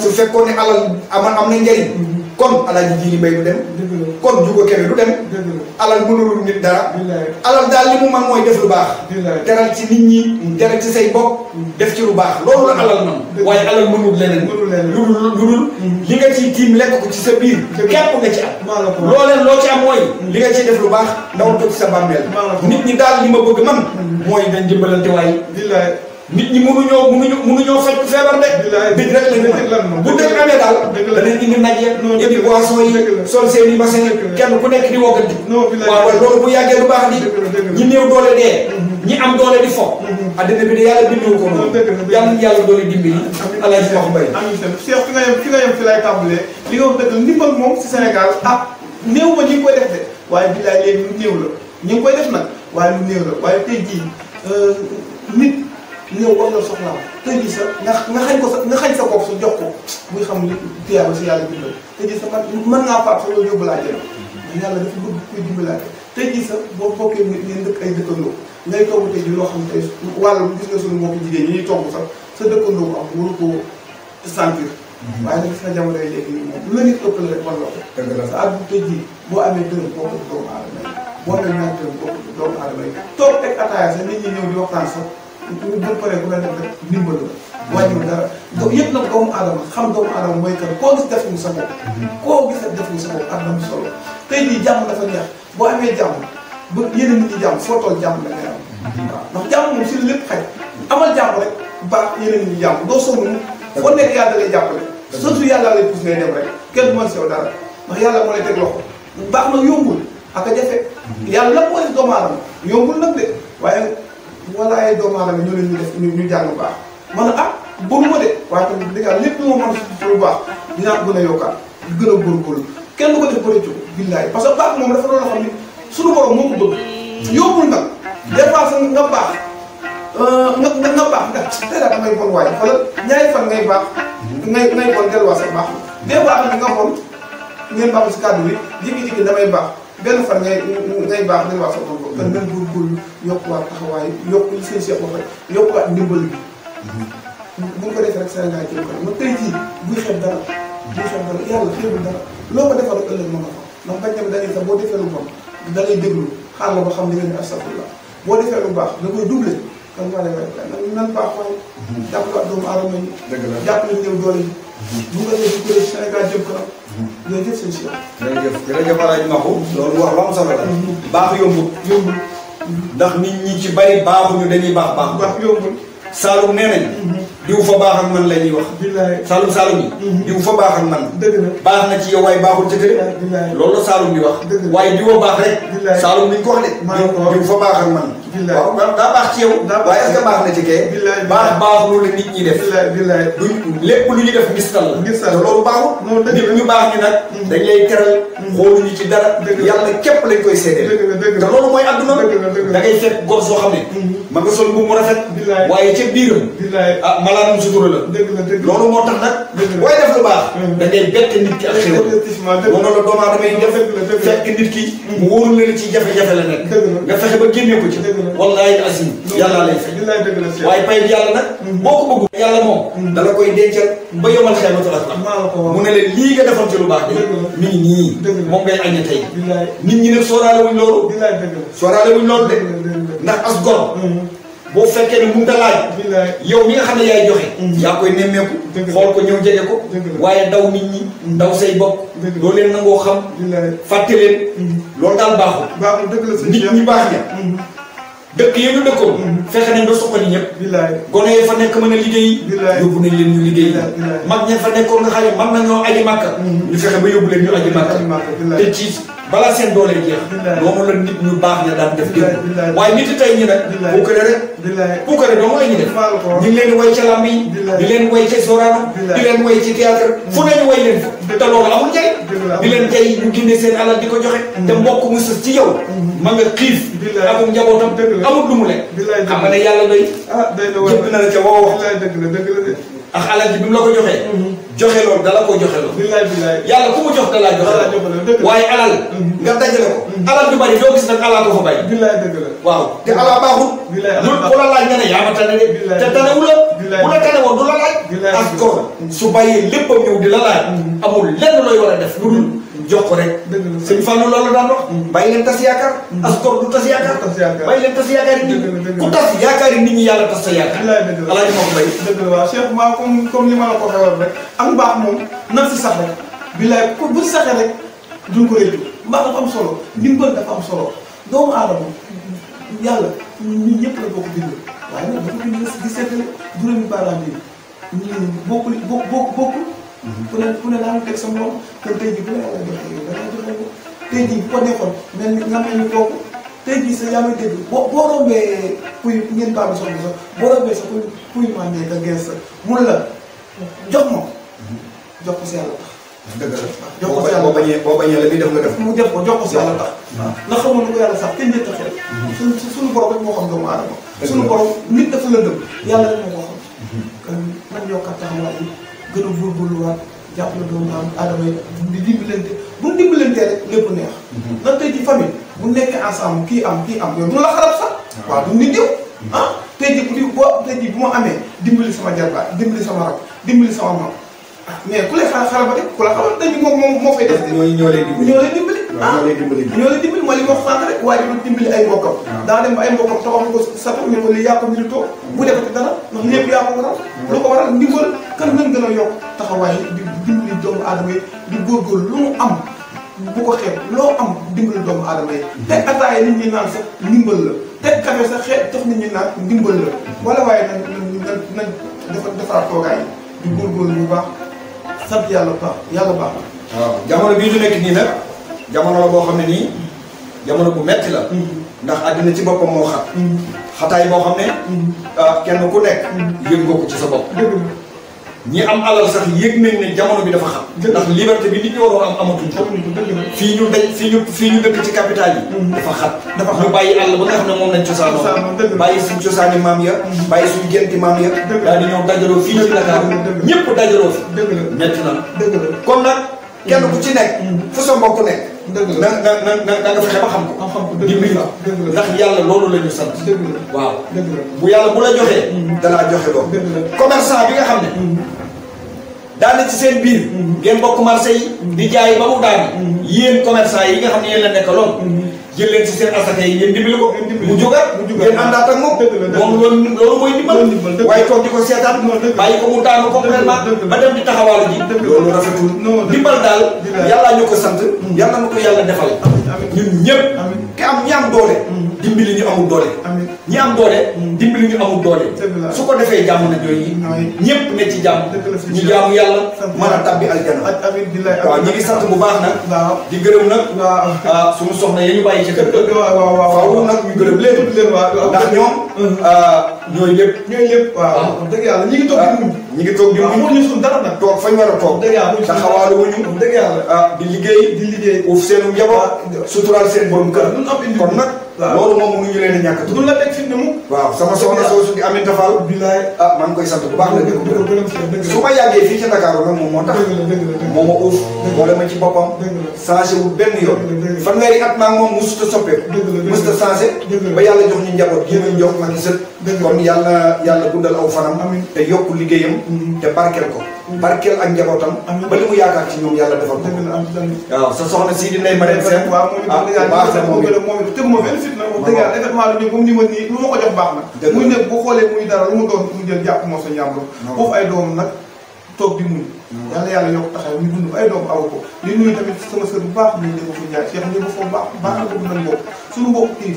su fekkoon ne alal am am na njëriñ kon alal ji i mbay du dem. kon ju ko du dem. alal mënulul nit dara. alal daal li mu man mooy def lu baax. teral ci nit ñi. Mm. teral ci say bopp. def ci lu baax loolu la alal man. waaye alal mënul leneen. lu dul mm. li nga ciy tiim lekk ko ci sa biir. képp nga ci am. loo loo ci am mooy. Mm. li nga ciy def lu baax ndawal ko ci sa bàmmeel. nit ñi daal li ma bëgg man. mooy dañ dimbalante waay. nit ñi mënuñoo mënuñoo mënuñoo faj feebar de. dëgg rek la bu dëgg amee daal. dëgg la danañ indi naj yeeg. indi boisson sol seen i bassin kenn ku nekk di wokkati. waaw loolu bu yàggee lu baax di ñi néew doole dee. Mhm. ñi am doole di fo. addina mhm. bi de yàlla bindoo ko moom. yàlla yàlla doole dimbali. alaay si wax ah néew ma ñu ngi koy def de waaye bilaay léegi lu néew la ñu ngi koy def nag waaye lu néew la ñëw war na soxlaam tëj sa nga nga xañ ko sa nga xañ sa bopp sa jox ko muy xam li tiyaaba si yàlla dimbali tëj sa man mën naa faat sa loolu yóbbu laa jël mais yàlla dafa bëgg kuy dimbalaate tëj sa boo bokkee ngeen dëkk ay dëkkandoo ngay togg tey ji loo xam tey wàlla gis nga suñu mbokk jigéen ñi ñuy togg sax sa dëkkandoo ko am waru ko sentir mhm. waaye nag gis nga jamono yi léegi nii moom la nit ëppale rek wan la ko sa àdduna tëj ji boo amee dërëm bokk doomu aadama yi boo amee ñaar dërëm bokk doomu aadama yi toog teg ataaya sa nit ñi ñëw di waxtaan sax bu bu paree bu koy def rek ndimbalu la. wàññiwul dara mooy kan koo gis defuñu sa bopp. koo gis def defuñu sa bopp ak nam solo tey jii jàmm dafa neex boo amee jàmm a nit ñi la moom si lépp xaj amal jàmm rek baax yéen a nit ñi jàmm doo sonn foo nekk yàlla lay jàppale. surtout yàlla lay pousse ngay dem rek kenn mën si yow dara ndax yàlla moo lay teg loxo baax na yombul ak a jafe. yàlla la ko def doomu aadama yombul nag de waaye wala ay doomu aadama ñu ne ñu def ñu jàng baax ma ne ah de waaye tamit dëgg lépp lu ma mën si baax dinaa gën a yokkaat gën a góorgóorlu kenn du ko def bëri jóg billaay parce que baax moom dafa doon xam ni suñu borom moo ko bëgg yóbbul nag des fois nga baax euh, nga nga baax ndax tey daal damay bon waay wala ñaari fan ngay baax ngay ngay bon delluwaat sa baax des fois nga xool ngeen baaxul si kàddu bi baax benn fan ngay ngay baax dañ waa soxla ko. kon ngeen góorgóorlu yokkuwaat taxawaay yokku li seen seq waxal yokkuwaat bi. Mm-hmm. bu ko defee rek Sénégal jëm kanam ma tey jii buy xeeb dara. buy xeeb dara yàlla loo ko defal ëllëg mën na ko ndax boo defee lu bon da ngay déglu xaar la ba xam li ngeen di boo defee lu baax da koy doublé kan nga lay wax nan baax mooy. Mm-hmm. jàppale ak doomu aadama yi. dëgg la jàppale néew doole yi. Mm-hmm. bu nga defee kuréel Sénégal jëm kanam jërëjëf sëñ si jërëjëf jërëjëf alaaji maxu loolu wax lu am solo la baax yombul yombul ndax ni ñi ci bari baaxuñu dañuy baax baax baax yombul saalum nee nañ diw fa baax ak man la ñuy wax saalum saalum yi diw fa baax ak man baax na ci yow waaye baaxul ci kër loolu la saalum bi wax waaye diw a baax rek saalum bi ñu ko wax de diw fa baax ak man waaw daa baax ci yow. waaye est-ce baax na ci kee. baax baaxul la nit ñi def. duñ lépp lu ñu def mistal la. mistal loolu baaxul. noonu la nit ñu baax ñu nag. Mm. dañ lay teral. Mm. xooluñu ci dara. yàlla képp lañ koy seedeel. te loolu mooy àdduna. da ngay fekk góor soo xam ne. ma mm. nga sol bu mu rafet. waaye ca biiram. ah malaanam sutura la. loolu moo tax nag. waaye def lu baax. da ngay bett nit ki ak xéwal. la doomu aadama fekk nit ki. mu wóorul la ci jafe-jafe la nekk. nga fexe ba génne ko ci. wallahi azim yàlla lay fay waaye pay bi yàlla nag mm-hmm. boo ko bëgg yàlla moom mm-hmm. dala koy dencal ba yomal xeematul ak mu ne leen lii nga defal ci lu baax bi mi ngi nii moom ngay aññe tey nit ñi nag sooraale wuñ loolu sooraale de ndax as gor mm-hmm. boo fekkee ni mun ta laaj yow mi nga xam ne yaay joxe yaa koy nemmeeku xool ko ñëw jege ko waaye daw nit ñi daw say bopp doo leen nangoo xam fàtte leen loolu daal baaxul nit ñi baax ña dëkk yéen ñu dëkkoon. Mm-hmm. fexe nañ ba suqali ñëpp. billaay gone yi fa nekk mën a liggéey. billaay yóbbu nañ leen ñu liggéey. mag ña fa nekkoon nga xam ne nañoo aji màkka. Mm-hmm. ñu fexe ba yóbbu leen ñu aji màkka. te ci balaa seen doole jeex. noonu la nit ñu baax ña daan def démb. waaye nit tey ñi nag. bu ko defee rek. bu ko defee doomu ay ñu def. leen di ca làmb yi. di leen way ca sorano. di leen way ci théâtre. Mm-hmm. fu nañu way leen fa. te loolu amul njëriñ. di leen tey ñu ko joxe. te mbokk mu sës ci amul lu mu lekk. xam nga ne yàlla doy. ah doy na wàllu na la ca woo wax. dëgg la dëgg la de. ak alal ji bi mu la ko joxee. Mhm. joxe loolu dala koo joxe loolu. billaay billaay yàlla ku mu jox da laa joxe loolu. waaye alal. Mhm. nga dajale ko. Mhm. alal du bari doo gis nag alal ko fa bàyyi. billaay dëgg la waaw te alal baaxul. billaay alal baaxul la laaj nga ne yaa ma tane de. te tane wu la. billaay bu la tane woon du la laaj. billaay ak ko su bàyyee léppam ñëw di la laaj. amul lenn looy war a def lu dul. jox ko rek. dëgg la sëñ Fallou loolu daan wax. Hmm. bàyyi leen tas yaakaar. Hmm. askor du tas yaakaar. bàyyi leen tas yaakaar nit ñi ku tas tas sa yaakaar. dëgg dëgg la waaw Cheikh maa comme comme ni ma la ko waxee rek. ak mbaax moom sax rek. bilaay ku bu saxee rek duñ ko am solo. ndimbal dafa am solo. doomu aadama yàlla ñun ñëpp la bokk bind. waaye nag bokk bokk bokk. fu ne fu ne daanu teg sa moom kon tey jii bu la yàlla joxee da ngay joxe ko nekkoon mel ni nga mel ni kooku tey jii sa yaa ngi boo boo rombee puy ngeen baal soxna sax boo sa puy puy jox ma jox ko si yàlla tax. dëgg la jox ko si yàlla boo bañee la muy def nga def. mu def ko jox ko si yàlla tax. ndax xamoon na ko yàlla sax kenn njëkk a xel. Mhm. suñ suñu borom rek moo xam doomu aadama. suñu borom nit dafa lëndëm mhm. yàlla rek moo ko xam. Mhm. kon man yokkaat taxawaay gën a góorgóorluwaat jàppale doomu aadama yi di dimbalante bu dimbalantee rek lépp neex. Mhm. ndax tey ci famille bu nekkee ensemble kii am kii am yooyu du la xarab sax. Ah. waaw du nit yow. ah tey jii bu di boo tey jii bu ma amee dimbali sama jarbaat dimbali sama rakk dimbali sama maam ah mais ku lay xaaral xaraba rek ku la xamal dañu moom moo fay def. ñoo ñoo lay dimbali ñoo lay dimbali ñoo lay dimbali mooy li ma wax sànq rek waaye doon dimbali ay mbokkam daa dem ay mbokkam taxaw ko satu ñu ko lii yaa ko ñu toog bu defati dara ndax lépp yaa a yokk di dimbali doomu aadama yi di ko xeeb loo am dimbali doomu aadama yi teg ataaya nit ñi naan sax ndimbal la teg café sax xeeb tax nit wala waaye nag nañ nañ dafa defaraat toogaay di góorgóorlu bu baax sant yàlla baax yàlla baax waaw jamono bii ñu nekk nii jamono boo xam ne nii jamono bu metti la ndax àddina ci boppam moo xat mm-hmm. xataay moo xam ne mm-hmm. ah, kenn ku nekk mm-hmm. yëg nga ko ci sa bopp ñi am alal sax yëg nañ ne jamono bi dafa xam ndax liberté bi nit ñi waroon am amatuñ ko fii ñu daj fii ñu fii ñu dëkk ci capital yi dafa xat dafa ñu bàyyi àll ba nga xam ne moom lañ cosaanoo bàyyi suñ cosaani maam ya bàyyi suñ génti maam ya daal di ñëw dajaloo fii ci Dakar ñëpp dajaloo fi metti na kon nag kenn ku ci nekk fu sa mbokk nekk na na na na nga fexe xam ko. la ndax yàlla loolu la ñu sant. waaw bu yàlla bu la joxee. Mm-hmm. dalaa joxe loolu. commerçant bi nga xam ne. Mm-hmm. daana ci seen biir. Mm-hmm. ngeen bokk marché yi. di jaay ma mu daal. yéen commerçant yi nga xam ne yéen la nekkaloon. jël leen ci seen asaka yi ngeen dimbali ko. mu jugal mu jugal ngeen àndaat ak moom. moom loolu loolu mooy ndimbal. waaye toog di ko seetaan. bàyyi ko mu daanu complètement ba dem di taxawaalu ji. loolu rafetul ndimbal daal. yàllaa ñu ko sant. Mm. yàlla na ko yàlla defal. ñun ñëpp. te am ñaam doole. Mm. dimbali ñu amul doole. ñi am doole. Hmm. dimbali ñu amul doole. su ko defee jàmm na jooy ñëpp ne ci jàmm. ñu jaamu yàlla. mën a tabbi aljana. waaw ñu ngi sant bu baax nag. di gërëm nag. waaw ah, suñu soxna a ñu bàyyi ci kër ga. waaw waaw nag ñu gërëm leen. ndax ñoom. ñu ngi toog ñu ngi toog di muñ. waaw ñu dara nag. toog fañ war a toog. dëgg yàlla taxawaalu wuñu. dëgg yàlla ah, di liggéey. di liggéey uuf seen njaboot. suturaal seen borom kër. kon nag waaw loolu moom mënuñu leen ñàkk. du la teg fitna mu. waaw sama soxna soosu di Aminata Fall. bilaay ah maa koy sant bu baax la. dëgg la dëgg la su ma yàggee fii ca Dakar nag moom moo tax. la dëgg la dëgg la moom moo uuf. la a soppeeku. dëgg la dëgg la a changé. ba yàlla jox ñu njaboot yéen a jox ma sët. kon yàlla yàlla aw fanam. te yokk liggéeyam. Mm-hmm. te barkeel ko. Mm-hmm. barkeel ak njabootam. ba li mu yaakaar ci ñoom yàlla defal ko. waaw sa soxna sii di Ndeye Marème Sène. waaw moom ah, it nit la wax dëgg yàlla événement la ñëw ba mu ni ma nii lu ma ko jox baax na muy nekk bu xoolee muy dara lu mu doon mu jël jàpp moo sa ñàmbro foofu ay doom nag toog di muñ yàlla yàlla yokk taxaw ñu dund ay doom aw ko li nuyu tamit sama sër bu baax ñuy defa ko njaay Cheikh ñëpp foofu baax baax na bëgg nañ bokk suñu mbokk kii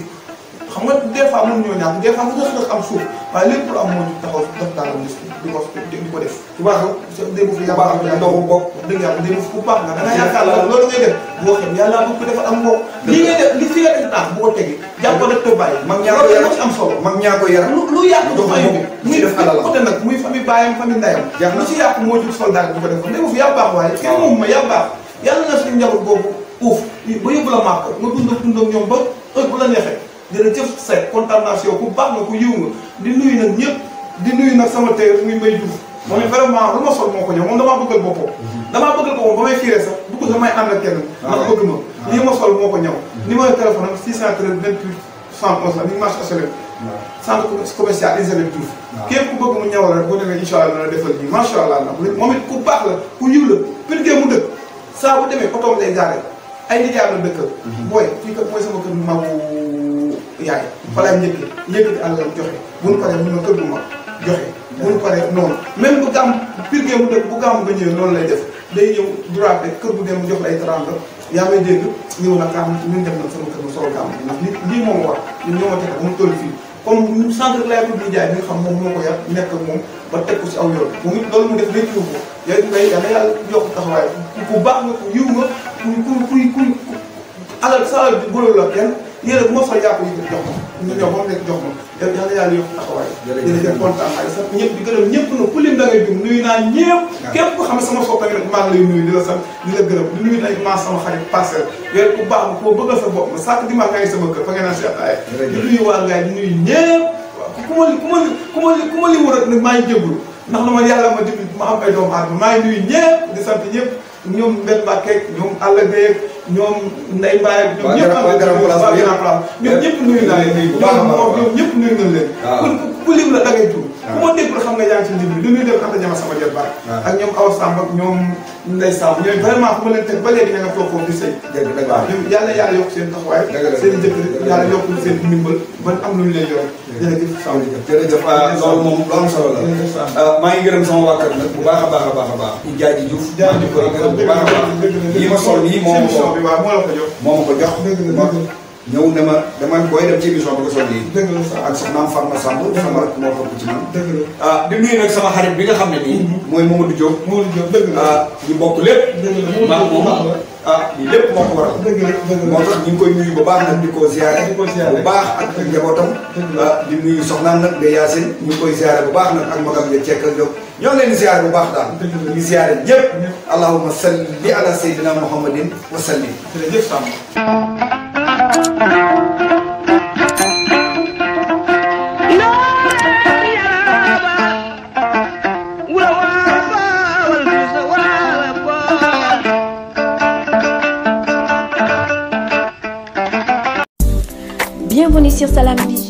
xam nga des fois mën ñoo ñàkk des fois mu dëx dëx am suuf waaye lépp lu am moo ñu taxaw def daala gis di ko di ko def. bu baax a démb yaa baax a ndox mu bokk. dëgg yàlla démb ku baax nga da nga yaakaar la loolu ngay def. boo xam yàlla bëgg ko dafa am mbokk. li ngay def li si nga def taax bu ko tegee. jàpp ko def te bàyyi. mag ñaa ko yaram am solo. mag ñaa ko yaram lu lu yàq du fay muy def alal côté nag muy famille baayam famille ndeyam. jaaxal lu si yàq moo jur soldat bi bu ko defoon démb fi yaa baax waaye kenn moom ma yaa baax yàlla na suñu njaboot boobu uuf ba yóbbu la màkk nga dund ak dund ak ñoom ba heure bu la neexee dina jëf say kontaan naa si yow ku baax nga ku yiw nga di nuyu nag ñëpp di nuyu nag sama téer muy may Diouf moom it vraiment lu ma sol moo ko ñëw moom damaa bëggal boppam damaa bëggal boppam ba may fiiree sax bëgg sax may ànd ak kenn ah ndax bëgg ma ah sol moo ko ñëw numéro téléphone am 613 28 111 la mi ngi marché HLM centre commercial Isabelle Diouf képp ku bëgg mu ñëwal rek boo demee incha allah la defal ji macha allah ndax moom it ku baax ku yiw pirgee mu dëkk saa bu demee otoom lay gaare ay nijaay la dëkkal mhm. booy fii kat mooy sama kër bu mag yaay fa laay joxe bu paree noonu même bu gàmm pirgee mu dëkk bu gàmm ba ñëwee noonu lay def day ñëw droit rek kër bu dem jox la ay la yaa may dégg ñëw na gàmm ñun def na sama kër ma sol gàmm ndax nit lii moom war ñun ñoo ma teg ko bi xam moom ko nekk ak moom ba si aw yoon mu ngi loolu mu def lépp yóbbu yow it ngay yàlla yokk taxawaay ku baax nga ku yiw nga ku ku ku alal sa alal bi la kenn yéen bu ma fa jàpp yi jox ma ñu jox moom rek jox ma yow yàlla yàlla yokk taxawaay jërëjëf kontaan ay sax ku lim da ngay dum nuyu xam ne sama soppe rek maa ngi lay nuyu di la sant di la gërëm di nuyu nag maa sama xarit passé weer ku ma koo bëggal sa bopp ma sàkk di ma ngay sama kër fa nga naan si ataaya di nuyu waa ngaay di nuyu ñëpp ku ma li ku ma li ku ma li ku ma li a nag maa ngi jéggalu la ma yàlla ma dimbali ma am ay doomu aadama maa ngi nuyu ñëpp di sant ñëpp ñoom mbet ñoom Ndeye Mbaye ak ñoom ñëpp am grand place ñoom ñëpp nuyu naa leen bu baax a baax ñoom ñëpp nuyu nañ leen ah. kon ku lim la da ngay tudd ku ma dégg xam nga yaa ngi ci lim bi lu ñuy def Anta Diama sama jot baax ah. ak ñoom Awa Samb ak ñoom Ndeye Samb ñoom vraiment fu ma leen teg ba léegi ña nga toog foofu di sëy waaw ñoom yàlla yàlla yokk seen taxawaay seen jëkkër yàlla yokk seen ndimbal ban am lu ñu leen yor jërëjëf Sow ah, jërëjëf loolu moom lu am solo la maa ngi gërëm sama wàkkat nag bu baax a baax a baax a baax jaaji Diouf maa ngi koy gërëm bu baax a baax yi ma sol nii moom émission bi waaw moo la ko jox. moo ma ko ma dama booy dem ci bi ko soog yi. dëgg la ak soxnaam Fatma Samb sama rek moo topp ci man. dëgg la ah di nuyu nag sama xarit bi nga xam ne nii. Mm-hmm. mooy Mamadou Diop. Mamadou Diop dëgg la ah ñu bokk lépp. dëgg la moom ah lii lépp moo ko waral. dëgg la dëgg la moo tax ñu ngi koy bu baax nag di ko ziare. di ko bu baax ak njabootam. dëgg ah, di nuyu soxnaam nag de Yacine. ñu koy ziare bu baax nag ak moo magam ya Ceekal Diop. ñoo leen di ziar bu baax daal. dëgg la ziare ñëpp. allahumma salli ala sayyidina muhammadin wa sallim. jërëjëf Samba. Bienvenue sur Salam Vision.